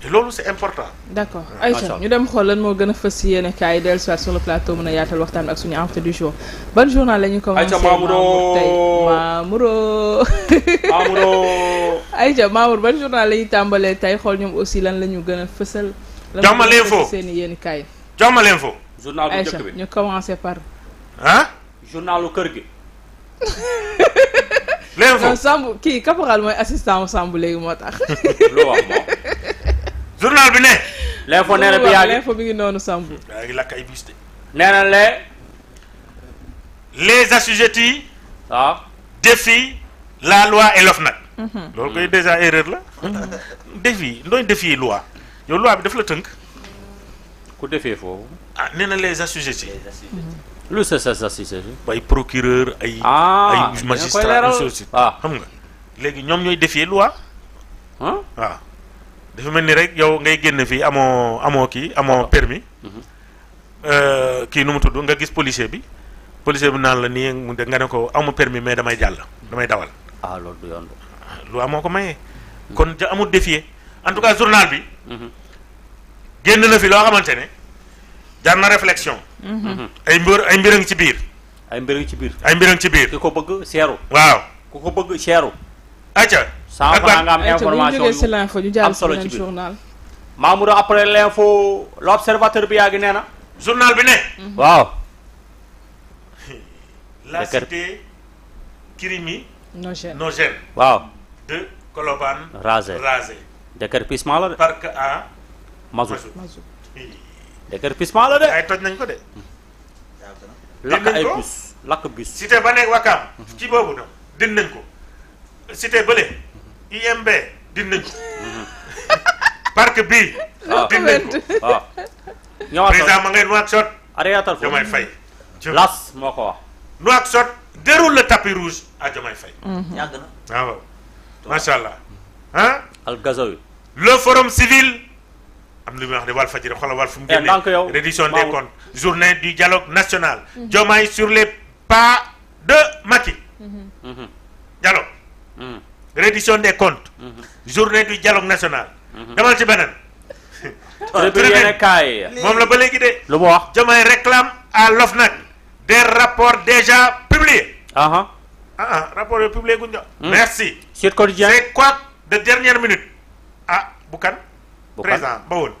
te loolu c'est important. d'accord Aïcha ñu dem xool lan moo gën a fës si yéen kaay dellu soit sur le plateau mën a yaatal waxtaan bi ak suñu invité du jour ban journal la ñu commencé. Aïcha Mamouro tey Mamouro. Mamouro. ban journal lañu tàmbalee tey xool ñoom aussi lan lañu ñu gën a fësal. Jàmmal Info la seen i yéen kaay. Jàmmal ñu commencé par. ah. journalu kër gi. l'info kii caporal mooy assistant Samb léegi moo tax. lu wax moom. journal bi ne. l'info nee na bi yaa ngi l'info bi ngi noonu Samb. yaa ngi lakk ay bus de. nee na les. les assujettis. waaw défient la loi et l'OFNAC. Mhm. loolu koy déjà erreur la. Mhm. défi ndooy défier loi yow loi bi daf la tënk. ku defee foofu. ah nee na les assujettis. les assujettis. lu sa sa sa si ay procureur ay. Ah, ay magistrat ay ah. xam nga léegi ñoom ñooy défier loi. waaw. dafa mel ni rek yow ngay génn fii amoo amo kii amoo permis mhm. euh, kii nu mu tudd nga gis policier bi policier bi naan la nii nga ne ko amu permis mais damay jàll damay dawal. ah loolu du yoon lu amoo ko mayee. Mhm. kon ja amul défier en tout cas journal bi. Mhm. génn na fi loo xamante ne jar na réflexion. ay mbir ay mbir cibir. ci biir. ay mbir ci biir ay mbir ci biir. ko bëgg seeru. waaw ku ko bëgg seeru. acca 100 francs nga am information yu am solo ci biir Mamour après l'info l'observateur bi yaa ngi nee na. journal bi ne. Mhm. waaw. la cité Kirimi. Nogel Nogel. waaw. de Colobane. rasé rasé. décrépissement la de. parc à. Mazout Mazout. décrépissement la de. ay toj nañ ko de. lakk ay bus lakk bus. cité ba nekk Wakam. Mhm. ci boobu noonu. din nañ ko. cité bële. IMB dindi nañ ko. parc bii. waaw dindi nañ ko waaw. ma ngay Nouakchott. ariatal déroule le tapis rouge à Diomaye Faye. Mm-hmm. Mm-hmm. yàgg na ah, al gazawi. le forum civil. am lu muy wax de Walf Fadjri xoolal Walf fu mu eh, génnee des comptes journée du dialogue national. Mm-hmm. Diomaye sur les pas de Macky. dialogue. reddition des comptes mhm. journée du dialogue national mhm. damal ci benen ya. mom la ba légui dé lu wax jomay réclame à l'ofnac des rapports déjà publiés ah ah ah, ah rapport publié guñ hmm. merci c'est quotidien c'est quoi de dernière minute ah bukan présent bawon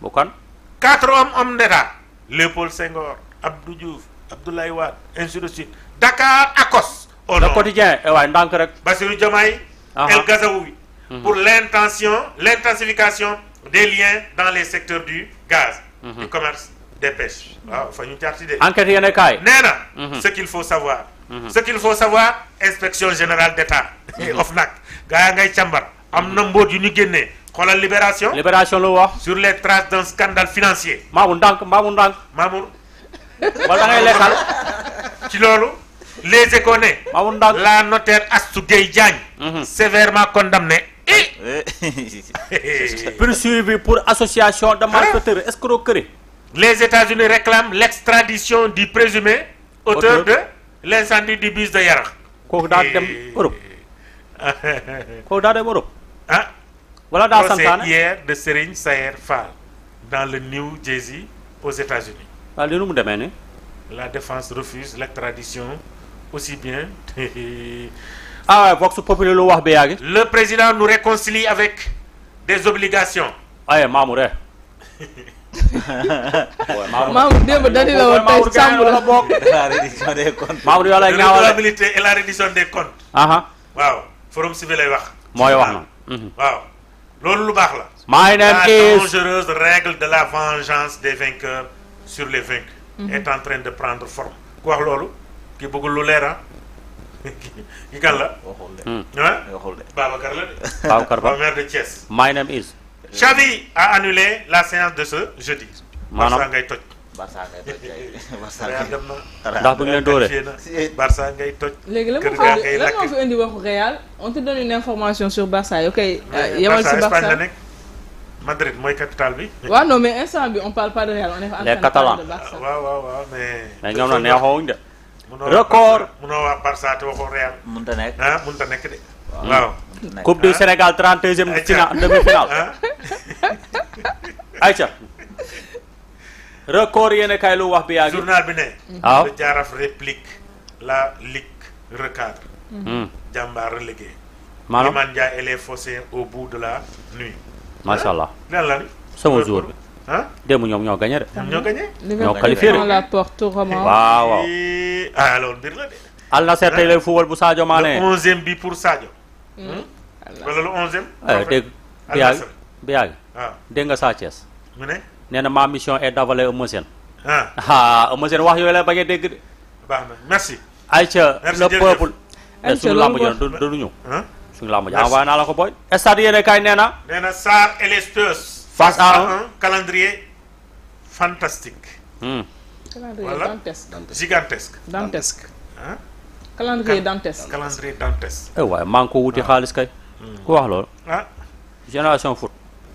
bukan quatre hommes hommes d'état Léopold Senghor Abdou Diouf Abdoulaye Wade ainsi de suite Dakar Akos oh le quotidien eh ouais ndank rek Bassirou Diomaye Ah. El Gazaoui mhm. pour l'intention l'intensification des liens dans les secteurs du gaz, mhm. du commerce, des pêches. waaw fa ñu jaar enquête mhm. ce qu'il faut savoir. ce qu'il faut savoir inspection générale d'État. OFNAC gaa ngay Chamba, am du mbóot yu ñu libération libération lu sur les traces d'un scandale financier. Maamu ndànk Maamu ndànk. Maamu. wala da ci loolu. Les Éconais, la notaire Astou Diagne, mhm. sévèrement condamnée. Eh. Eh. Poursuivi pour association de hein? malfaiteurs escroquerie. Les États-Unis réclament l'extradition du présumé auteur de l'incendie du bus de Yarak. kooku daa eh. dem Europe ah. wala hier de Serigne Sayer Fall dans le New Jersey aux États-Unis. la défense refuse l'extradition aussi bien. ah, Vox Populi lo wax bi yàgg. Le président nous réconcilie avec des obligations. Ay, Mamour eh. Mamour démb dañu la woon tey la bokk. la reddition des comptes. Mamour yow lay la reddition des comptes. waaw forum civil lay wax. mooy wax na. Mhm. waaw loolu lu baax la. maa ngi la dangereuse règle de la vengeance des vainqueurs sur les vainqueurs mhm. est en train de prendre forme. quoi wax qui est beaucoup ki kan la. my name is. Chavi a annulé la séance de ce jeudi. Barça ngay toj. Barça ngay Barça on te donne une information sur Barça euh, Madrid capitale non mais instant on parle pas de on est. en Barça ah, mais. de. record munoo wax Barça te waxoo Real. mënut a nekk ah mënut a nekk de. waaw Coupe du ah. Sénégal 32e. ayca demi-finale ayca. Ah. record yéen a kaay lu wax bi yaa ngi. journal bi ne. waaw ah. jaaraf réplique la ligue recadre. Hmm. jàmbaar relégué. maanaam Iliman Ndiaye et les Phocéens au bout de la nuit. macha allah lan la sama jour bi. ah démb ñoom ñoo gagné de. ñoo gagné ñoo qualifié de. la porte roman. waaw waaw. ah loolu mbir la lay football bu Sadio Mané. le bi pour Sadio. wala le onzième. dégg biyaag biyaag. dégg nga Sa Thiès. mu ne. nee na ma mission est d'avaler Eumeu Sène. ah Eumeu wax yooyu la bañ a dégg de. baax na merci. peuple. suñu làmb ji du du ñëw. suñu làmb ji envoyé naa la ko booy. stade yéen a face à un calendrier fantastique. Hmm. calendrier voilà. dantesque gigantesque. dantesque. ah. calendrier dantesque. calendrier dantesque. eh ko wuti ah. xaalis kay. Hmm. ku wax loolu. Ah. génération foot.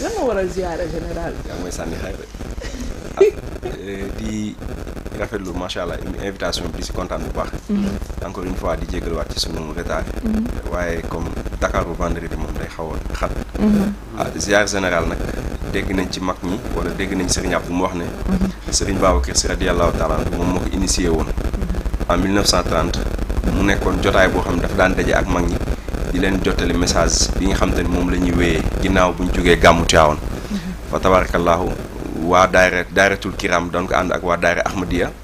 lan moo waral ziyaara général. yaa mooy sànni xeer rek di rafetlu macha allah invitation bi di si kontaan bu baax. Mm-hmm. encore une fois di jégaluwaat ci sunu retard. Mm-hmm. waaye comme Dakar bu vendredi moom day xaw a xat. Mm-hmm. ah ziyaara général nag dégg nañ ci mag ñi wala dégg nañ Serigne Abdou mu wax ne. Serigne Babacar Sy radiyallahu taala moom moo ko initié woon. en mu nekkoon jotaay boo xam ne dafa daan daje ak mag ñi. di leen jottali message bi nga xam te moom la ñuy wéyee ginnaaw bu ñu jógee gàmmu Tiwaawan fa tabarakallahu waa daayira daayiratul kiram doon ko ànd ak waa daayira Ahmadiya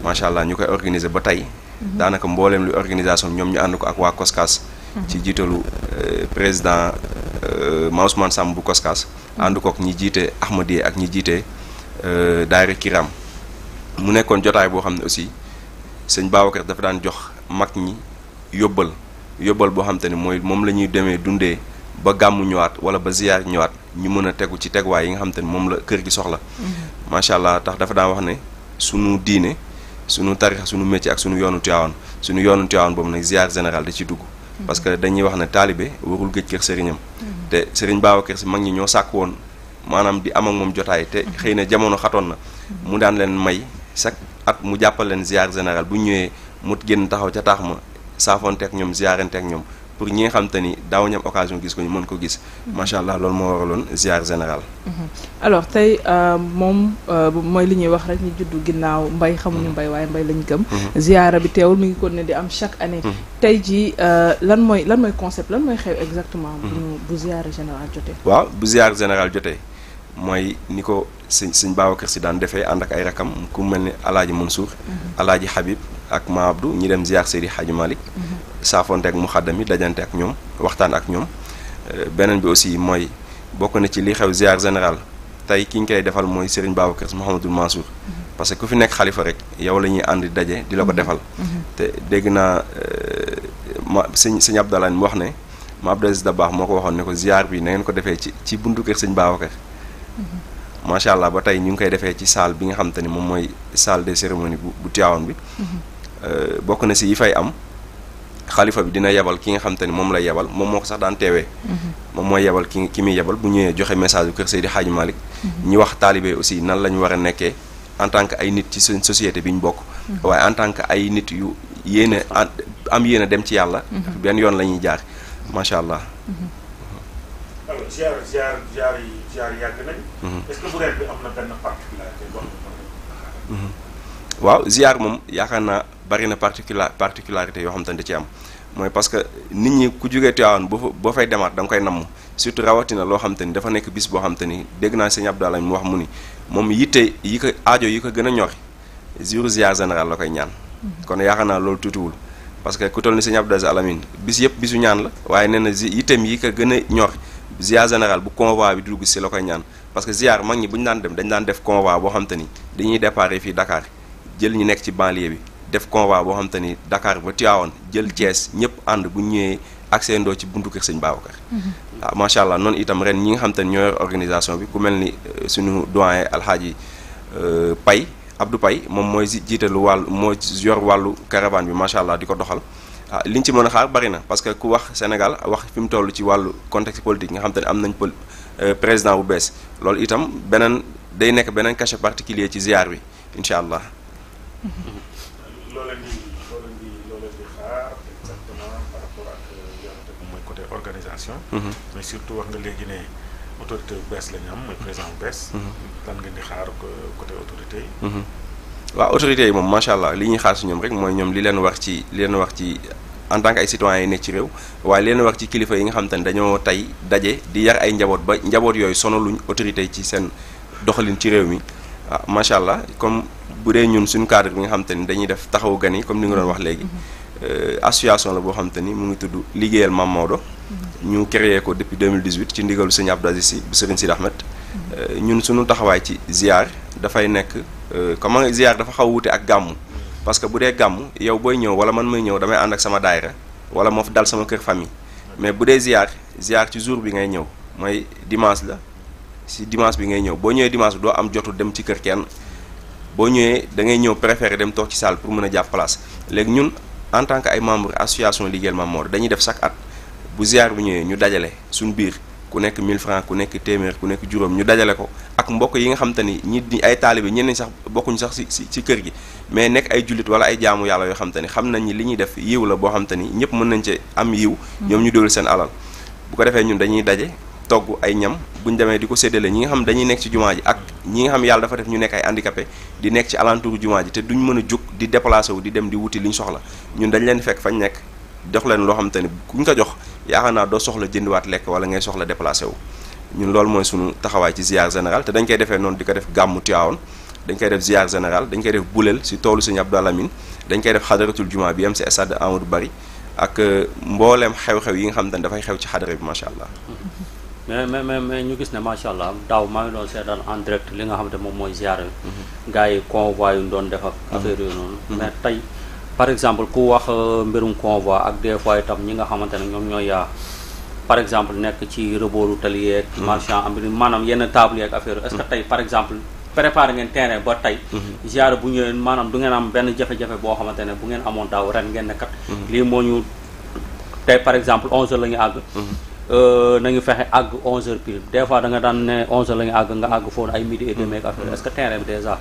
macha allah ñu koy organiser ba tey daanaka mbooleem lu organisation ñoom ñu ànd ko ak waa Koskas ci jiitalu euh, président euh, Mansoumane Samb bu Koskas ànd kook ñi jiite Ahmadiya ak ñi jiite euh, daayira kiram mu nekkoon jotaay boo xam ne aussi sëñ Babacar dafa daan jox mag ñi yóbbal yóbbal boo xam te ni mooy moom la ñuy demee dundee ba gàmmu ñëwaat wala ba ziyaar ñëwaat ñu mën a tegu ci teguwaay yi nga xam te ni moom la kër gi soxla mhm. macha allah tax dafa daan wax ne sunu diine sunu tarixa sunu métier ak sunu yoonu Tiwaawan sunu yoonu Tiwaawan boobu nag ziyaar général di ci dugg mhm. parce que dañuy wax ne taalibe warul gëj kër sëriñam mhm. te sëriñ Babacar Si mag ñi ñoo sàkk woon maanaam di am ak moom jotaay te xëy na jamono xatoon na mu daan leen may chaque at mu jàppal leen ziyaar général bu ñëwee mu génn taxaw ca ma saafoonteeg ñoom ziaranteeg ñoom pour ñi nga xam te ni daaw ñu am occasion gis ko ñu mën ko gis. Mhm. macha allah loolu moo waraloon ziar général. Mhm. alors tey euh, moom euh, mooy li ñuy wax rek ñu juddu ginnaaw mbay xamuñu mhm. mbay waaye mbay lañ gëm. ziara bi teewul mi ngi ko ne di am chaque année. tey jii euh, lan mooy lan mooy concept lan mooy xew exactement. bu ñu bu ziar général jotee. waaw bu ziar général jotee mooy ni ko sëñ sëñ Babacar si daan defee ànd ak ay rakam ku mel ni alaaji Mansour mhm. alaaji Habib ak Ma Abdou ñi dem ziar Seydi Hadji Malick mhm. saafonte ak muxaddam yi dajante ak ñoom waxtaan ak ñoom euh, beneen bi aussi mooy bokk na ci li xew ziar général tey ki ñu koy defal mooy Serigne Babacar si Mouhamadul Mansour mhm. parce que ku fi nekk xalifa rek yow la ñuy ànd daje di la ko defal te dégg naa euh, ma sëñ sëñ Abdallah mu wax ne ma Abdou Aziz Dabakh moo ko waxoon ne ko ziar bi na ngeen ko defee ci ci buntu kër sëñ Babacar macha allah ba tey ñu ngi koy defee ci salle bi nga xam te moom mooy salle des cérémonies bu bu bi. Mm-hmm. Euh, bokk na si yi fay am xalifa bi dina yebal ki nga xam te moom lay yebal moom moo ko sax daan teewee. Mm-hmm. moom mooy yebal ki ki muy yebal bu ñëwee joxe message bu kër Seydi Hadji Malick. Mm-hmm. ñu wax taalibe aussi nan la ñu war a nekkee en tant que ay nit ci seen société bi ñu bokk. waaye en tant que ay nit yu yéene am yéene dem ci yàlla. benn yoon lañuy jaar macha allah. jaar yàgg nañ. Mhm. Mhm. waaw ziar moom yaakaar naa bari na particula particularité yoo xam te ne da ci am mooy parce que nit ñi ku jógee Tivaouane boo boo fay demaat danga nga koy namm surtout rawatina loo xam te ni dafa nekk bis boo xam te ni dégg naa sëñ Abdallah mu wax mu ni moom yitte yi ko ajo yi ko gën a ñor jour ziar général la koy ñaan. Mhm. kon yaakaar naa loolu tuutiwul. parce que ku toll ni sëñ Abdou Aziz Alamine bis yëpp bisu ñaan la waaye nee na yitteem yi ko gën a ñor ziar général bu convoi bi dugg si la koy ñaan parce que ziar mag ñi bu ñu daan dem dañ daan def convoi boo xam te ni dañuy déparé fii Dakar jël ñu nekk ci banlieue bi def convoi boo xam te ni Dakar ba Tivaouane jël Thiès ñëpp ànd bu ñëwee ak seen ci buntu kër sëñ Babacar. waaw mhm. ah, macha allah noonu itam ren ñi nga xam te ni ñooy organisation bi ku mel ni euh, suñu doyen alxaaji euh, Pay Abdou Pay moom mooy jiitalu wàllu moo yor wàllu caravane bi macha di ko doxal. Ah, li ñu ci mën a xaar bari na parce que ku wax Sénégal wax fi mu toll ci wàllu contexte politique nga xam te ne am nañ pol euh, président bu bees loolu itam beneen day nekk beneen cachet particulier ci ziar bi incha allah. looleen euh, mooy côté organisation. Mhm. mais surtout wax léegi ne autorité bu bees la ñu am mooy président bu bees. Mhm. lan ngeen di xaar côté autorité waaw autorité yi moom macha allah li ñuy xaar si ñoom rek mooy ñoom li leen wax ci li leen wax ci en tant que ay citoyens yi nekk ci réew waaye li leen war ci kilifa yi nga xam te ne dañoo tey daje di yar ay njaboot ba njaboot yooyu sonaluñ autorité yi ci seen doxalin ci réew mi ah macha allah comme bu dee ñun suñu cadre bi nga xam te ni dañuy def taxawu gan yi comme ni nga doon wax léegi. Euh, association la boo xam te ni mu ngi tudd liggéeyal Mam Maodo. ñu créé ko depuis 2018 ci ndigalu sëñ Abdou Aziz Sy bu sëriñ Sidi Ahmed. Euh, ñun suñu taxawaay ci ziar dafay nekk. Euh, comme ma nga ziar dafa xaw wuute ak gàmm parce que bu dee gàmm yow booy ñëw wala man may ñëw damay ànd ak sama daayira wala moo dal sama kër famille mais bu dee ziar ziar ci jour bi ngay ñëw mooy dimanche la si dimanche bi ngay ñëw boo ñëwee dimanche bi doo am jotu dem ci kër kenn boo ñëwee dangay ñëw préféré dem toog ci salle pour mën a jàpp place léegi ñun en tant que ay membre association Liggéeyal Mame Mor dañuy def chaque at bu ziar bu ñëwee ñu dajale suñu biir ku nekk mille francs ku nekk téeméer ku nekk juróom ñu dajale ko ak mbokk yi nga xam te ni ñi di ay taalibe ñeneen sax bokkuñu sax si si ci kër gi mais nekk ay jullit wala ay jaamu yàlla yoo xam te ni xam nañ li ñuy def yiw la boo xam ni ñëpp mën nañ ci am yiw mm-hmm. ñoom ñu dóolu seen alal bu defee ñun dañuy daje togg ay ñam buñ demee di ko séddale ñi nga xam dañuy nekk ci jumaa ji ak ñi nga xam yàlla dafa def ñu nekk ay handicapé di nekk ci alentour jumaa ji te duñ mën a jóg di déplacé wu di dem di wuti li ñu soxla ñun dañ leen fekk fañ nekk dox leen loo xam te ni kuñ ko jox yaakaar naa doo soxla jëndiwaat lekk wala ngay soxla déplacé wu ñun loolu mooy sunu taxawaay ci ziar général te dañ koy defee noonu di ko def gàmmu Tiwaawan dañ koy def ziar général dañ koy def buleel si toolu Sëñ Abdou Lamine dañ koy def xadaratul juma bi am si stade Amadou bari ak euh, mbooleem xew-xew yi nga xam ne dafay xew ci xadara bi macha allah. mais mais mais mais ñu gis ne macha allah daaw maa ngi doon seetaan en direct li nga xam ne moom mooy ziar. Mhm. gars yi convois yu doon def mhm. affaire yooyu noonu. Mhm. tey. par exemple ku wax euh, mbirum convoi ak des fois tam ñi nga xamante ne ñoom ñooy yaa euh, par exemple nekk ci rebooru tali yeeg mm-hmm. marchand ambulant maanaam yenn table yeeg affaire est-ce que mm-hmm. tey par exemple préparé ngeen terrain ba tey genre mm-hmm. bu ñëwee maanaam du ngeen am benn jafe-jafe boo xamante ne bu ngeen amoon daaw ren ngeen ne kat lii moo ñu tey par exemple onze heures la ñu àgg euh, nañu fexe àgg onze heures pile des fois daan ne onze heures la ñu àgg nga àgg foofu ay midi et demi ak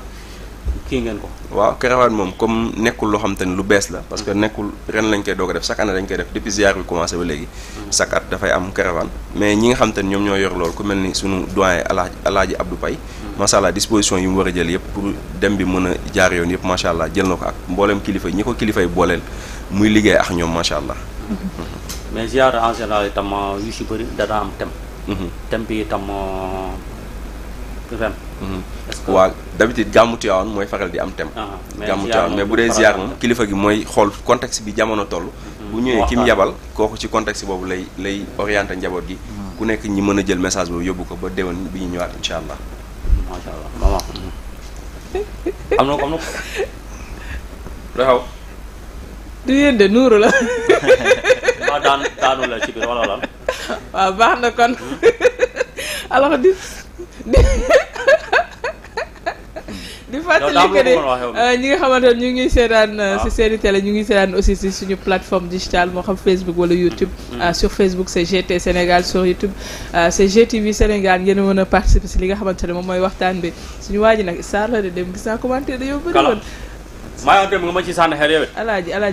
kii ngeen ko. waaw caravane moom comme nekkul loo xam te lu bees la. parce nekkul ren lañ koy doog a def chaque année dañ koy def depuis ziar bi commencé ba léegi. chaque at dafay am caravane. mais ñi nga xam te ñoom ñoo yor loolu ku mel ni sunu doyen Alaaji Alaaji Abdou Paye. Hmm. macha allah disposition yi mu war a jël yëpp pour dem bi mën a jaar yoon yëpp macha allah jël na ko ak mboolem kilifa ñi ko kilifay booleel muy liggéey ak ñoom macha allah. Hmm. mais ziar ren. Mm-hmm. est-ce que waaw d'habitude gàmmu Tiwaawan mooy faral di am thème. gàmmu ah, ah, Tiwaawan mais bu dee ziar moom kilifa gi mooy xool contexte bi jamono toll. Mm-hmm. bu ñëwee ki mu kooku ci contexte boobu lay lay njaboot gi. Mm-hmm. ku nekk ñi mën a jël message boobu yóbbu ko ba déwén bi ñu ñëwaat incha allah. du yéen nuuru la. waaw baax na kon alors. di fàttali que ne euh, ñi nga xamante ne ñu ngi seetaan euh, ah. si seen i ñu ngi seetaan aussi si suñu plateforme digitale moo xam Facebook wala YouTube. Mm. Euh, sur Facebook c' est GT Sénégal sur YouTube c' GTV Sénégal ngeen mën a participer si li nga xamante ne moom mooy waxtaan bi suñu waa ji nag saar la de dem gis naa commentaire da yow bëri maa ngi nga ma ci sànni xel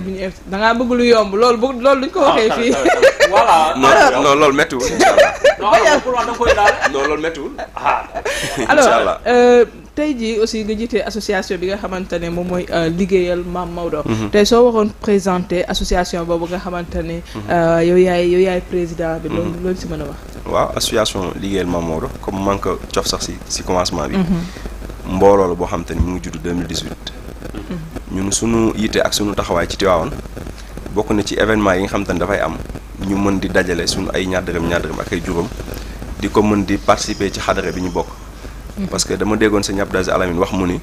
bi ñu ef da bëgg lu yomb loolu bu loolu duñ ko ah, waxee fii. voilà loolu méttiwul. non ah. euh, tey jii aussi nga jiite association bi nga xamante ne moom mooy euh, liggéeyal Maam Maodo. Mhm. tey soo waxoon présenté association boobu nga xamante ne. Mhm. Euh, yow yaay yow yaay président bi. loolu mhm. loolu si mën a wax. waaw association liggéeyal Maam Maodo comme man ko cof sax si si commencement bi. mbooloo la boo xam te ni mu ngi judd 2018. ñun sunu yitte ak sunu taxawaay ci Tivaouane bokk na ci événement yi nga xam te ne dafay am ñu mën di dajalee sunu ay ñaar dërëm ñaar ak ay juróom di ko mën di participer ci xadara bi ñu bokk. Mhm. parce que dama déggoon sëñ Abdou Aziz Alamine wax mu ni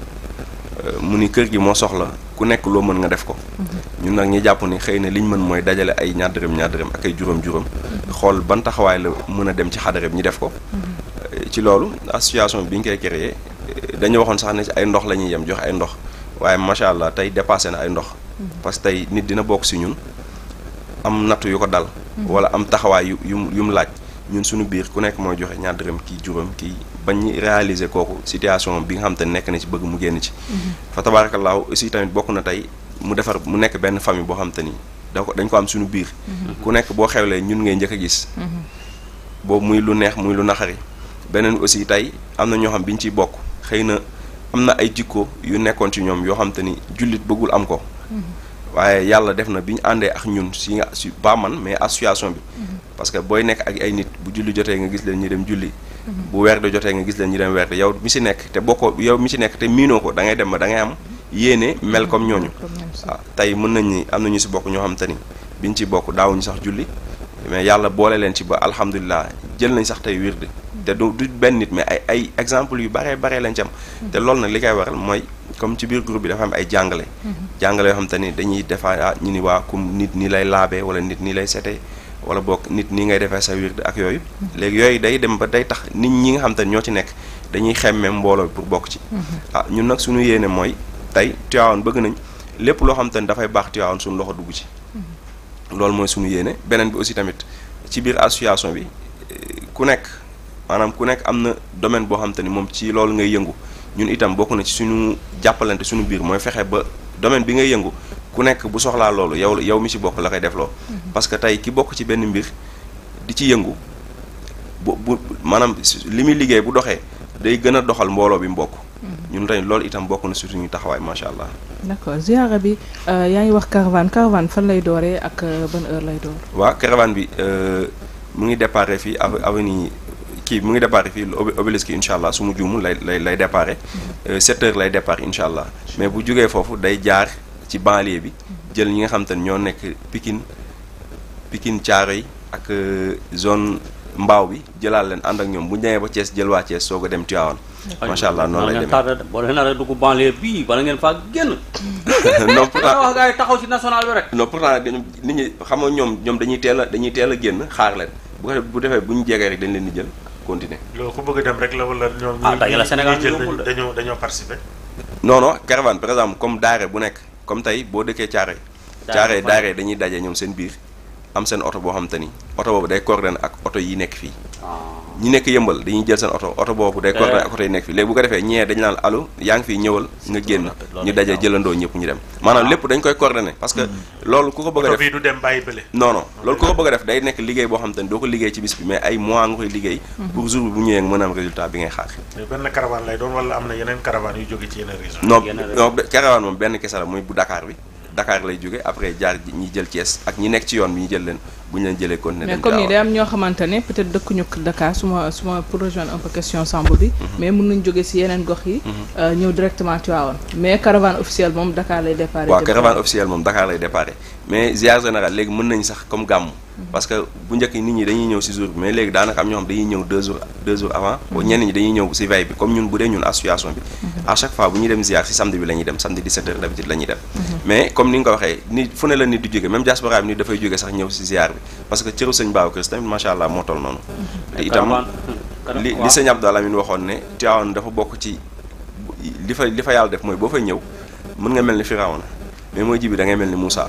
euh, mu ni kër gi moo soxla ku nekk loo mën nga def ko. Mhm. ñun nag ñu jàpp ni xëy na li mën mooy dajale ay ñaar ñaar dërëm ak ay juróom juróom. Mhm. xool ban taxawaay la mën a dem ci xadara bi ñu def ko. Euh, ci loolu association bi ñu koy créé euh, dañu waxoon sax ne ci ay ndox la ñuy yem joxe ay ndox. waaye macha allah tey dépassé na ay ndox mhm. parce que tey nit dina bokk si ñun am nattu yu ko dal mhm. wala am taxawaay yu yu mu laaj ñun suñu biir ku nekk mooy joxe ñaar dërëm kii juróom kii bañ ñu réaliser kooku situation bi nga xam te nekk na ci bëgg mu génn ci mhm. fa tabaarakallaahu aussi tamit bokk na tey mu defar mu nekk benn famille boo xam te ni da ko dañ ko am suñu biir ku nekk boo xewlee ñun ngay njëkk a gis boobu muy lu neex muy lu naxari beneen aussi tey am na ñoo xam biñ ci bokk na am na ay jikko yu nekkoon ci ñoom yoo xam te ni jullit bëggul am ko waaye yàlla def na bi ñu àndee ak ñun si nga si man mais association bi parce que booy nekk ak ay nit bu julli jotee nga gis leen ñu dem julli bu weer de jotee nga gis leen ñu dem weer de yow mi si nekk te bokkoo yow mi si nekk te miinoo ko dangay dem ba dangay am yéene mel comme ñooñu waaw ah, tey mën nañ ni am na ñu si bokk ñoo xam te ni ñu ci bokk daawuñu sax julli mais yàlla boole leen ci ba alhamdulilah jël nañ sax tey wirde te du du benn nit mais ay ay exemple yu baree baree lañ ci am. Mm-hmm. te loolu nag li koy waral mooy comme ci biir groupe bi dafa am ay jàngale. Mm-hmm. jàngale yoo xam te ni dañuy defaa ah, ñu ni waa nit nii lay laabee wala nit nii lay setee wala boog nit nii ngay defee sa wirde ak yooyu. Mm-hmm. léegi yooyu day dem ba day tax nit ñi nga xam te ñoo ci nekk dañuy xemme mbooloo bi pour bokk ci. ah ñun nag suñu yéenee mooy tey Tivaouane bëgg nañ lépp loo xam te dafay baax Tivaouane suñu loxo dugg ci. loolu mooy suñu yéene beneen bi aussi tamit ci biir association bi ku nekk maanaam ku nekk am na domaine boo xam te ni moom ci loolu ngay yëngu ñun itam bokk na ci suñu jàppalante suñu biir mooy fexe ba domaine bi ngay yëngu ku nekk bu soxlaa loolu yow yow mi ci bokk la koy def loo mm-hmm. parce que tey ki bokk ci benn mbir di ci yëngu bu bu maanaam li muy liggéey bu doxee day gën a doxal mbooloo bi mu bokk ñun tey loolu itam bokk na surtout ñu taxawaay macha allah. d' accord ziara bi euh, yaa ngi wax caravane caravane fan lay dooree ak euh, ban heure lay door. waa caravane bi euh, mu ngi départ fii avenue kii mu ngi départ fii obélisque incha allah su mu juumul lay lay lay départ 7 mhm. heures lay départ incha allah mais bu jógee foofu day jaar ci banlieue bi mhm. jël ñi nga xam te ne ñoo nekk Pikine caaro yi ak zone. mbaaw bi jëlaal leen ànd ak ñoom bu ñu demee ba Thiès jël waa Thiès soog a dem Tivaouane. macha allah noonu lay demee boo leen nar a dugg banlieue bala ngeen faa génn. non pourtant wax gars yi taxaw ci national bi rek. non pourtant nit ñi xam nga ñoom ñoom dañuy teel dañuy teel a génn xaar leen bu bu defee bu ñu jegee rek dañ leen di jël continuer. loo ku bëgg a dem rek la wala ñoom. ah dajale Sénégal ñu dañoo dañoo participer. non non caravane comme daare bu nekk comme tey boo dëkkee Thiaré. Thiaré daare dañuy daje ñoom seen biir am seen oto boo xam te ni boobu day coordonné ak oto yi nekk fii ñi nekk yëmbal dañuy jël seen oto oto boobu day coordonné ak oto yi nekk fii léegi bu defee ñee dañu naan alu yaa ngi fii ñëwal nga génn ñu daje jëlandoo ñëpp ñu dem maanaam lépp dañ koy coordonné parce que hmm. ku ko bëgg def du dem ku ko bëgg def day nekk liggéey boo xam te doo ko liggéey ci bis bi mais ay mois nga koy liggéey hmm. pour jour bi bu ñëwee nga mën am résultat bi Dakar lay jóge après jaar ñi jël Thiès ak ñi nekk ci yoon bi ñu jël leen bu ñu leen jëlee kon ne mais comme ni day am ñoo xamante ne peut-être dëkkuñu Dakar su ma su ma pour rejoindre un question Samb bi mhm. mais mën nañ jóge si yeneen gox yi mhm. euh, ñëw directement Tivaouane mais caravane officielle moom Dakar lay déparé waaw caravane officielle moom Dakar lay déparé mais ziar général léegi mën nañ sax comme gàmm mm-hmm. parce que bu njëkk nit ñi dañuy ñëw si jour bi mais léegi daanaka am ñoo xam dañuy ñëw deux jours deux jours avant bo mm-hmm. ñenn ñi dañuy ñëw si veille bi comme ñun bu dee ñun association bi mm-hmm. à chaque fois bu ñuy dem ziar si samedi bi la ñuy dem samedi 17 heures d'habitude la dem mais comme ni nga waxee ni fu ne la nit di jóge même diaspora bi nit dafay jóge sax ñëw si ziar bi parce que cëru sëñ Babacar Sy tamit bokk ci fa li fa yàlla def mooy boo fay ñëw mën nga mel ni Firawna mais mooy jibi da ngay mel ni Moussa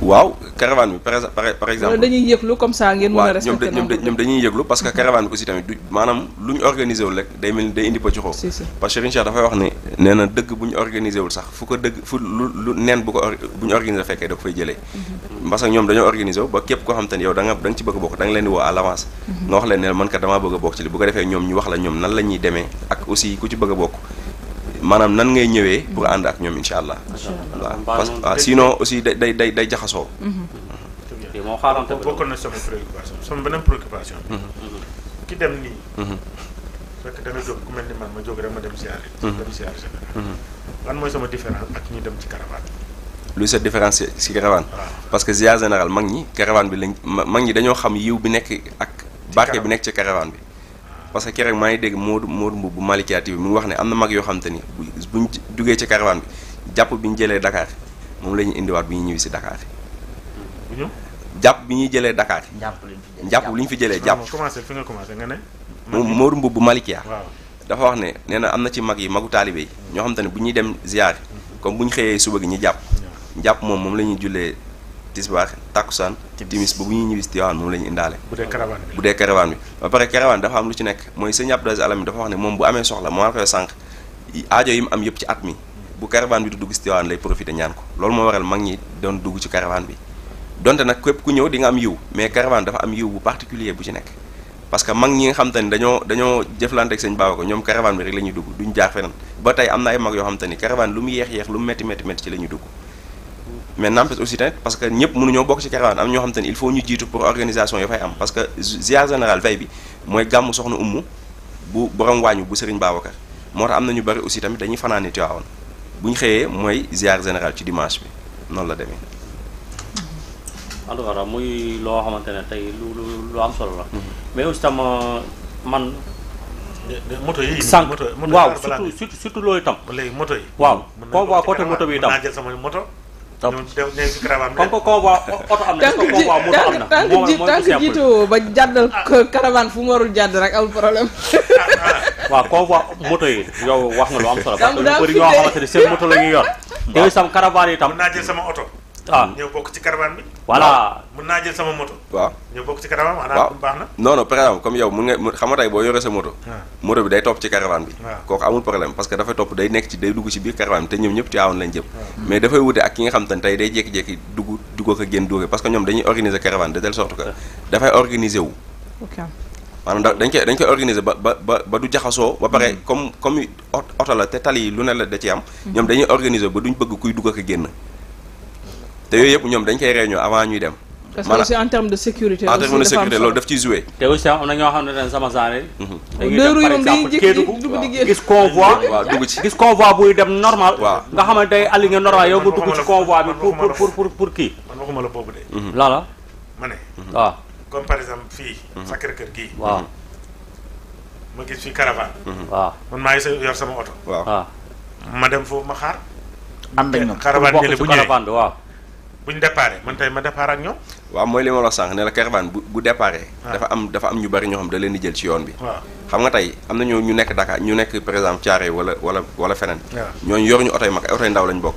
waaw caravane bi par par exemple. dañuy yëglu comme ça ngeen mën ñoom dañuy yëglu parce que caravane bi aussi tamit maanaam lu ñu organisé rek day mel ni day indi pëcc xoo. parce que Serigne Cheikh dafay wax ne. nee na dëgg bu ñu organisé sax fu ko dëgg fu lu lu neen bu ko bu ñu fekkee da ko mhm. parce que ñoom dañoo organisé ba képp koo xam te ne yow da ci bëgg a bokk da nga leen di woo à mhm. nga wax leen ne man kat damaa manam nan ngay ñëwé pour and ak ñom inshallah parce que ah, sinon aussi day day day jaxaso hmm hmm mo xalam te bokk na sama préoccupation sama benen préoccupation hmm ki dem ni hmm rek da nga jog ku melni man ma jog rek ma dem ziaré mhm. dem ziaré hmm lan moy sama différence ak ñi dem ci caravane lu sa différence ci caravane parce que ziar général mag ñi caravane bi mag ñi dañoo xam yiw bi nekk ak barke bi nekk ci caravane bi parce que keroog maa ngi dégg Modou Modou Mbow bu Malikia TV bi mu wax ne am na mag yoo xam bu ni buñ jugee ci caravane bi jàpp bi ñu jëlee Dakar moom la ñu indiwaat bi ñu ñëwee si Dakar. Mm. jàpp bi ñuy jëlee Dakar. jàpp li ñu fi jëlee ah, jàpp commencé fi nga commencé nga ne. moom Modou Mbow bu Malikia. dafa wax ne nee na am na ci mag yi magu taalibe ñoo xam ne bu ñuy dem ziar. comme bu ñu xëyee suba gi ñu jàpp. jàpp moom moom la ñuy jullee tisbaar takkusaan timis ba bu ñuy ñibbisi Tiwaawan moom la ñu indaale bu dee caravane bi ba pare caravane dafa am lu ci nekk mooy sëñ Abdou Aziz Alamine dafa wax ne moom bu amee soxla moo la koy sànq aajo yi mu am yëpp ci at mi bu caravane bi du dugg si lay profité ñaan ko loolu moo waral mag ñi doon dugg ci caravane bi donte nag képp ku ñëw di nga am yiw mais caravane dafa am yiw bu particulier bu ci nekk parce que mag ñi nga xam te ni dañoo dañoo jëflante ak sëñ Baaba ko ñoom caravane bi rek la ñuy dugg duñ na ay mag yoo xam te ni caravane lu mu yeex-yeex lu mu la ñuy dugg mais n'empêche aussi tamit parce que ñëpp mënuñu bokk ci caravane am ñoo xamanteni il faut ñu jitu pour organisation yi fay am parce que ziar général vay bi mooy gàmm soxna ummu bu borom wañu bu Serigne Babacar moo tax am na ñu bari aussi tamit dañuy fanaani Tiwaawan bu ñu xëyee mooy ziar général ci dimanche bi noonu la demee. alors tout cas muy loo xamante ne tey lu lu lu am solo la. Mhm. mais aussi tam euh, man. moto yi sànq moto waaw surtout surtout loolu itam. léegi moto yi. waaw ko convoi côté moto bi itam jël sama moto. topp ñoom ñooy si caravane bi. comme que ba jàddal caravane ah. fu mu warul jàdd rek amul problème. Ah, ah. waaw convoi moto yi yow wax nga lu am solo. parce que lu bëri ñoo seen moto la ñuy yor. yooyu sam caravane yi tam. mën sama oto. ah ñëw bokk ci caravane bi. voilà mën naa jël sama moto. waaw ñëw bokk ci caravane maanaam baax na. non non comme yow mu nga xam nga tey boo yore sa moto. Ah. moto bi day topp ci caravane bi. waaw ah. kooku amul problème parce que dafay topp day nekk ci day dugg ci biir caravane bi te ñoom ñëpp Tiwaawan lañ jëm. Ah. mais dafay wute ak ki que ñoom dañuy organiser caravane de telle sorte dañ koy dañ koy organiser ba ba ba du jaxasoo ba pare mm. comme comme oto la te tali yi lu ne la da ci am. Mm. ñoom dañuy organiser ba duñ bëgg kuy dugg ak génn te yoy yëpp ñom dañ koy réunion avant ñuy dem. parce que en termes de sécurité. en termes de sécurité loolu daf te aussi am na dañ sama genre. Mhm. dañuy dem par exemple Kédougou gis convoi. waaw dugg ci gis convoi dem normal. nga xam ne normal yow nga dugg ci convoi bi pour pour pour pour kii. man waxuma la de. Mhm. lala. ma ne. Mhm. waaw comme par exemple fii. Sacré Cœur gii. waaw. ma gis fii caravane. waaw man maa yor sama oto. waaw ma dem ma xaar. am nañ caravane bu ñu départ man tey ma départ ak ñoom. waaw mooy li ma wax sànq ne la caravane bu bu départ. Ah. dafa am dafa am ñu bari ñoo xam da leen di jël ci yoon bi. Ah. xam nga tey am na ñoo ñu nekk Dakar ñu nekk par exemple Thiaré wala wala wala feneen. waaw ah. ñooñu yor ñu oto yu mag ay oto yu ndaw lañ bokk.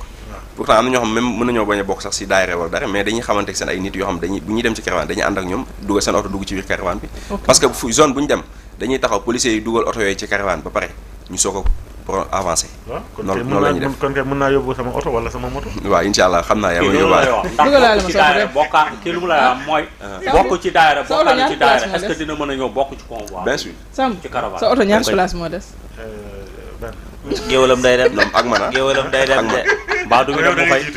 pourtant am na ñoo xam même mën nañoo bañ a bokk sax ci daayira wala dara mais dañuy xamante ak seen ay nit yoo xam dañuy bu ñuy dem ci caravane dañuy ànd ak ñoom dugg seen oto dugg ci biir caravane bi. parce que fu zone bu ñu dem dañuy taxaw policiers yi dugal oto yooyu ci caravane ba pare ñu soog pour avancer. loolu kon kay mën naa yóbbu sama oto wala sama moto. waaw incha allah xam naa yaa ngi yóbbaale. dugalaale ci lu mu la wax mooy. bokk ci daayira bokkaale ci daayira est-ce que dina mën a ñëw bokk ci convoi. bien sûr ci caravane sa oto ñaar place moo des. Euh, géwalam ah. day dem. ak man géwalam day dem de. baa du ñu dem mu fay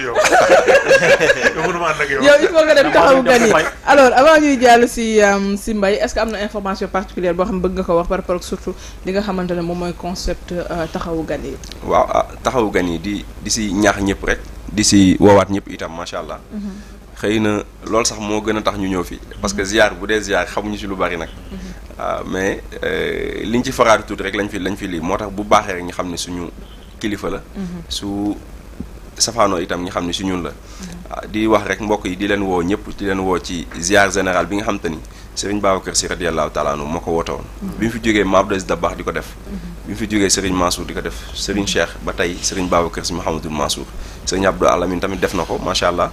nga dem taxawu gan yi alors avant ñuy jàll si euh, si mbay est-ce que am na information particulière boo xam bëgg nga ko wax par rapport surtout li nga xamante ne moom mooy concept euh, taxawu gan yi. waaw ah taxawu gan yi di di si ñaax ñëpp rek di si woowaat ñëpp itam macha allah. Mhm. xëy na loolu sax moo gën a tax ñu ñëw fii parce que mhm. ziar bu dee ziar xamuñu si lu bari nag. Mhm. Ah, mais mais euh, liñ ci faraatu tuuti rek lañ fi lañ fi lii moo tax bu baaxee rek ñu xam ne suñu kilifa la. safaanoo itam ñu xam ne si ñun la ah, di wax rek mbokk yi di leen woo ñëpp di leen woo ci ziar général bi nga xam te ni kër Babacar Sy radiyallahu taala anhu moo ko woote woon bi mu fi jógee Mame Abdou Dabakh di ko def bi mu fi jógee Serigne Mansour di ko def Serigne Cheikh ba tey Serigne Babacar Sy Mouhamadou Mansour Serigne Abdou Alamine tamit def na ko macha allah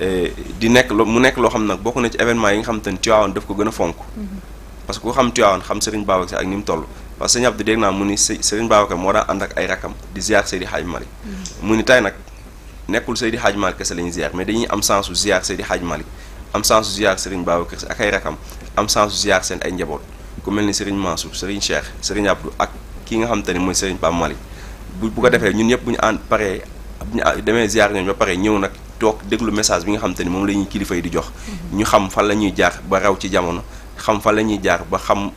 eh, di nekk mu nekk loo xam nag bokk na ci événement yi nga xam te ni Tivaouane ko gën a fonk parce que ku xam Tivaouane xam Serigne ak ni mu toll parce que Serigne Abdou dégg naa mu ni Serigne Babacar moo daan ànd ak ay rakam di ziar Seydi Hadji Malick mu ni tey nag nekkul Seydi Hadj Malick kese la ñuy ziar mais dañuy am sensu ziar Seydi Hadj Malick am sensu ziar Serigne Babacar Sy ak ay rakam am sensu ziar seen ay njaboot ku mel ni Serigne Mansour Serigne Cheikh Serigne Abdou ak ki nga xam te ne mooy Serigne Pape Malick bu bu ko defee ñun ñëpp bu ñu ànd paree bu demee ziar ñoom ba pare ñëw nag toog déglu message bi nga xam te moom la ñuy kilifa yi di jox. Mm-hmm. ñu xam fan la ñuy jaar ba raw ci jamono xam fan la ñuy jaar ba xam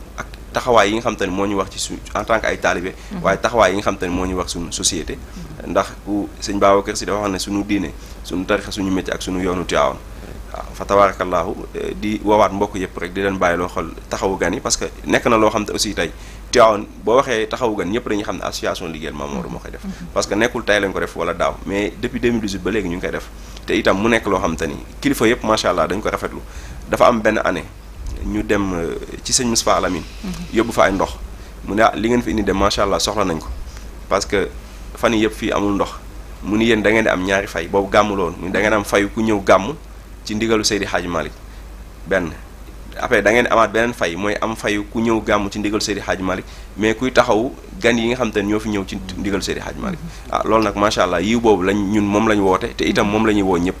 taxawaay yi nga xam te moo ñu wax ci su en tant que ay taalibe mhm. waaye taxawaay yi nga xam te moo ñu wax suñu société mhm. ndax ku sëñ Babacar Si dafa wax ne suñu diine suñu suñu métier ak suñu yoonu Tiwaawan waaw fa tabaarakallaahu eh, di woowaat mbokk yëpp rek di leen bàyyi loo xol taxawu parce que nekk na loo xam te aussi tey Tiwaawan boo waxee taxawu gan ñëpp xam ne association liggéeyal Maam Mor moo koy def mhm. parce que nekkul def wala daaw mais depuis 2018 ba léegi ñu ngi koy def te itam mu nekk loo xam ni kilifa yëpp macha allah dañ ko rafetlu dafa am benn année ñu dem euh, ci sëñ Moustapha Alamine mhm. yóbbu fa ay ndox mu ne ah, li ngeen fi indi dem macha allah soxla nañ ko parce que fan yii yëpp fii amul ndox mu ni yéen dangeen ngeen am ñaari fay boobu gàmmu loon mu da ngeen am fayu ku ñëw gàmm ci ndigalu Seydi Hadji Malick benn après da ngeen amaat beneen fay mooy am fayu ku ñëw gàmm ci ndigalu Seydi Hadji Malick mais kuy taxaw gan yi nga xam te ñoo fi ñëw ci ndigalu Seydi Hadji Malick mhm. ah loolu nag macha allah yiw boobu lañ ñun moom la ñu woote te itam moom la ñuy woo ñëpp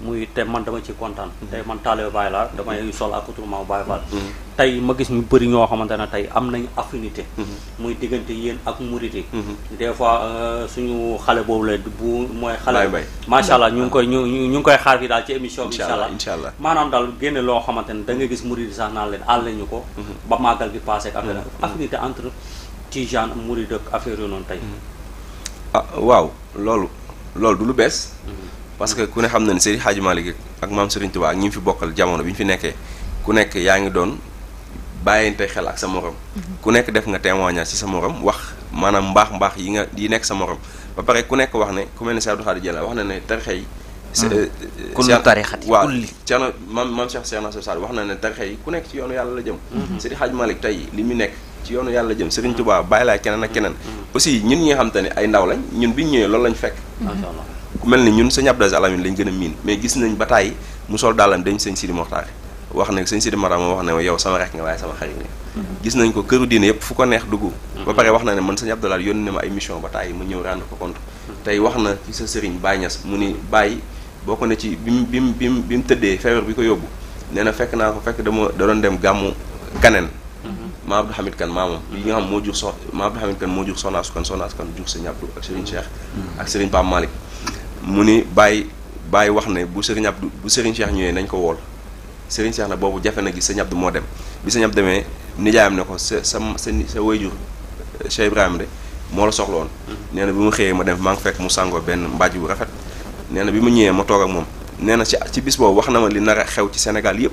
muy te man dama ci kontaan. Mm-hmm. tey man taalibe Baay laa damay mm-hmm. sol accoutrement Baay Faal. Mm-hmm. tey ma gis ñu bëri ñoo xamante ne tey am nañ affinité. muy diggante yéen ak muriti des fois euh, suñu xale boobu la bu mooy. xale macha allah ñu ngi koy ñu ñu ngi koy xaar fi daal ci émission bi. incha allah maanaam daal génne loo xamante ne da nga gis muriti sax naan leen àll ñu ko. ba màggal gi passé ak affaire affinité entre tijaan murit ak affaire yooyu noonu tey. Ah, waaw loolu loolu bees. parce que ku ne xam na ne Serigne Hadj Malick ak maam Serigne Touba ak ñi fi bokkal jamono bi ñu fi nekkee ku nekk yaa ngi doon bàyyante xel ak sa morom. Mhm. ku nekk def nga témoignage ci sa morom wax maanaam mbaax mbaax yi nga yi nekk sa morom ba pare ku nekk wax ne ku mel ne Cheikh Abdou Khadre Diala wax na ne tarixa yi. Mhm. Euh, kulli tarixati waaw Thierno maam maam Cheikh Thierno Sall wax na ne tarixa yi ku nekk ci yoonu yàlla la jëm. Mhm. Serigne Hadj Malick tey li mu nekk. ci yoonu yàlla jëm Serigne Touba bàyyi laa keneen ak keneen. aussi ñun ñi nga xam te ay ndaw lañ ñun bi ñu ñëwee loolu lañ fekk. macha allah ku mel ni ñun sëñ Abdou Aziz Al lañ gën a miin mais gis nañ ba tàyyi mu sol dàllam dañ sëñ Sidi Mokhtar wax na sëñ Sidi Mokhtar moo wax na yow sama rek nga waaye sama xarit nga gis nañ ko këru diine yëpp fu ko neex dugg ba pare wax na ne man sa Abdou Aziz yónni na ma ay mission ba tàyyi mu ñëw rendre ko compte tey wax na ci sa sëriñ Baye Niass mu ni Baye boo ko ne ci bi mu bi mu bi mu bi mu tëddee feebar bi ko yóbbu nee na fekk naa ko fekk dama da doon dem gàmmu kanen ma mhm. Abdou Hamid Kane maamam yi nga xam moo jur so ma Abdou Hamid Kane moo jur Soxna Asu Kane Soxna Asu Kane jur sëñ Abdou ak sëriñ Cheikh mhm. mu ni bàyyi bàyyi wax ne bu Serigne Abdou bu Serigne Cheikh ñëwee nañ ko wool Serigne Cheikh na boobu jafe na gis Serigne Abdou moo dem bi Serigne Abdou demee nijaayam ne ko sa sa sa sa wayjur Cheikh de moo la soxloon woon. nee na bi mu xëyee ma dem maa ngi fekk mu sàngoo benn mbàjj bu rafet nee bi mu ñëwee ma toog ak moom nee na ci ci bis boobu wax na ma li nar a xew ci senegal yëpp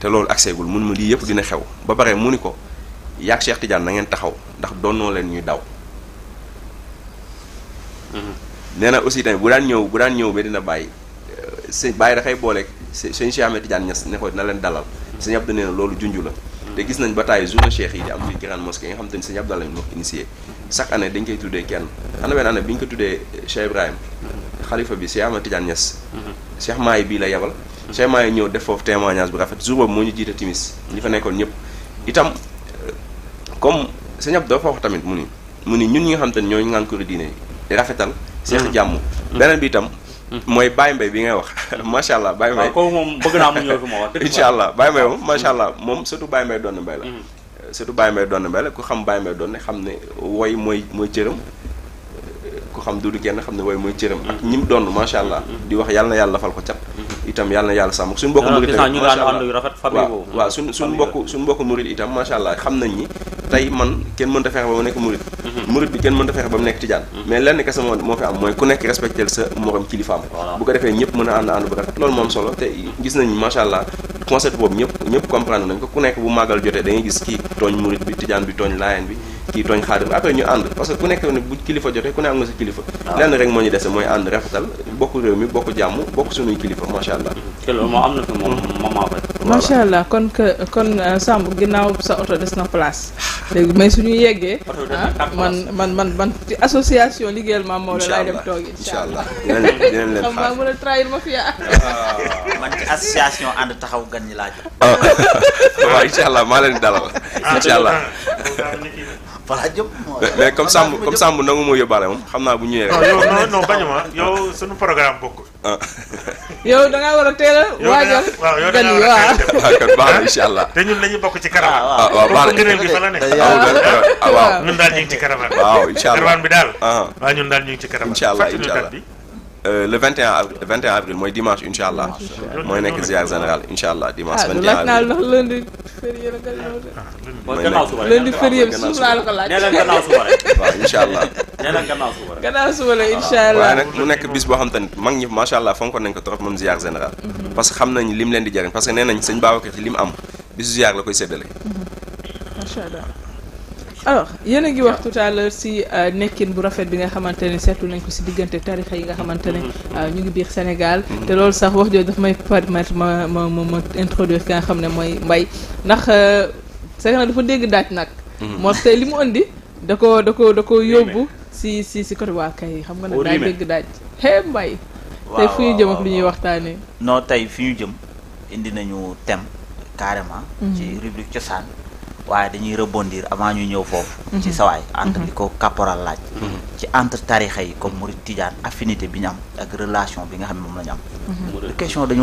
te loolu agseegul mun ma lii yëpp dina xew ba pare mu ni ko yaag Cheikh Tidiane na ngeen taxaw ndax doonoo leen ñuy daw. Mm-hmm. nee na aussi tamit bu daan ñëw bu daan ñëw ba dina bàyyi euh, sëñ bàyyi dafay booleeg sëñ Cheikh Ahmed Tidiane Niass ne ko na leen dalal sëñ Abdou nee na loolu junj la te gis nañ bataille journée cheikh yi di am muy grande mosquée yi nga xam te ni sëñ Abdou lañ tuddee kenn ana benn année bi ñu ko tuddee Cheikh xalifa bi Cheikh Ahmed Tidiane Niass Cheikh bii la yebal Cheikh ñëw def foofu témoignage bu rafet jour boobu moo ñu jiite timis ñi fa nekkoon ñëpp itam euh, comme sëñ Abdou dafa tamit mu ni mu ni ñun ñi nga xam te ni ñooy ngànkuri diine yi rafetal seex mm. jàmm mm. beneen bi itam mm. mooy Baye Mbaye bi ngay wax macha allah Baye Mbaye ah, kooku moom bëgg naa mu ñëw fi ma wax incha allah Baye Mbaye moom macha allah moom surtout Baye Mbaye doon mbay la euh, surtout Baye Mbaye doon mbay la ku xam Baye Mbaye doon xam ne woy mooy mooy cëram euh, ku xam dudu kenn xam ne woy mooy cëram ak ñi mu doon macha allah di wax yàlla na yàlla fal ko cat itam yàlla na yàlla sàmm suñu mbokk murid tamit waaw waaw suñu suñu mbokk itam macha allah xam nañ ni tey man kenn mënta fexe ba ma nekk murid mhm. murid bi kenn mënta fexe ba mu nekk tijaan mhm. mais lenn kese moo moo fi am mooy ku nekk respecté sa morom kilifaam bu ko defee ñëpp mën a ànd ànd bu rafet loolu moom solo te gis nañ macha allah concept boobu ñëpp ñëpp comprendre nañ ko ku nekk bu màggal jotee da ngay gis kii tooñ murid bi tijaan bi tooñ laayeen bi kii tooñ xaadim après ñu ànd parce que ku nekk ne bu kilifa jotee ku ne am nga sa kilifa ah. lenn rek moo ñu dese mooy ànd rafetal bokk réew mi bokk jàmm bokk suñuy kilifa macha allah mm. moo am na fi moom mm. maman fa allah kon kon euh, Samb ginnaaw sa oto des na place léegi mais suñu yeggee ah, man man man man ci association liggéeyal maam moo laay dem toog incha allah dinañ leen xam nga mën a trahir ma fi ah. man ci association ànd taxaw gan ñi laaj jox waaw allah maa leen dalal incha allah voilà jëm. mais comme Samb comme Samb nangu moo yóbbaale moom xam naa bu ñëwee rek. yow non non bañ ma sunu programme bokkul. Ah. yow da a teel a. waajal waaw waaw ah, kon baax na ah, incha allah. te ñun dañuy bokk ci caravane. waaw waaw baax na gi fa la nekk. waaw ñun daal ñu ngi ci caravane. waaw incha allah bi daal. waaw ñun daal ñu ngi ci caravane. incha allah incha bi. Euh, le vingt avril mooy dimanche incha allah. mooy nekk ziar général incha allah dimanche. 21 ah, la nga ñëw ah, la ko laaj. gannaaw suba rek waaw allah. la incha allah. mu nekk bis boo xam te ne mag ñi macha allah fonkoon nañ ko trop moom ziar général. Mhm. parce que xam nañ lim leen di jariñ parce que nee nañ sëñ Babacar ci li am bisu ziar la koy séddale. Mhm. macha alors yéen a ngi wax tout à l'heure euh, nekkin bu rafet bi nga xamante ne seetlu nañ ko si diggante tarixa yi nga xamante ne mm-hmm. euh, ñu ngi biir Sénégal mm-hmm. te loolu sax wax jooju daf may permettre ma ma ma ma introduire ki nga xam ne mooy mbay ndax euh, c'est que dafa dégg daaj nag mm-hmm. moo tey li mu indi da ko da ko da ko yóbbu si si si côté waa kay xam nga nag daaj dégg daaj hee mbay tey fu ñu jëm ak lu ñuy waxtaanee non tey fi ñu jëm indi nañu thème carrément ci rubrique cosaan waaye dañuy rebondir avant ñu ñëw foofu. Mhm. ci sawaay entre mhm. li ko caporal laaj. Mhm. ci entre tarixa yi comme Murid Tijaan affinité bi ñu am ak relation bi nga xam moom la ñu am. question dañoo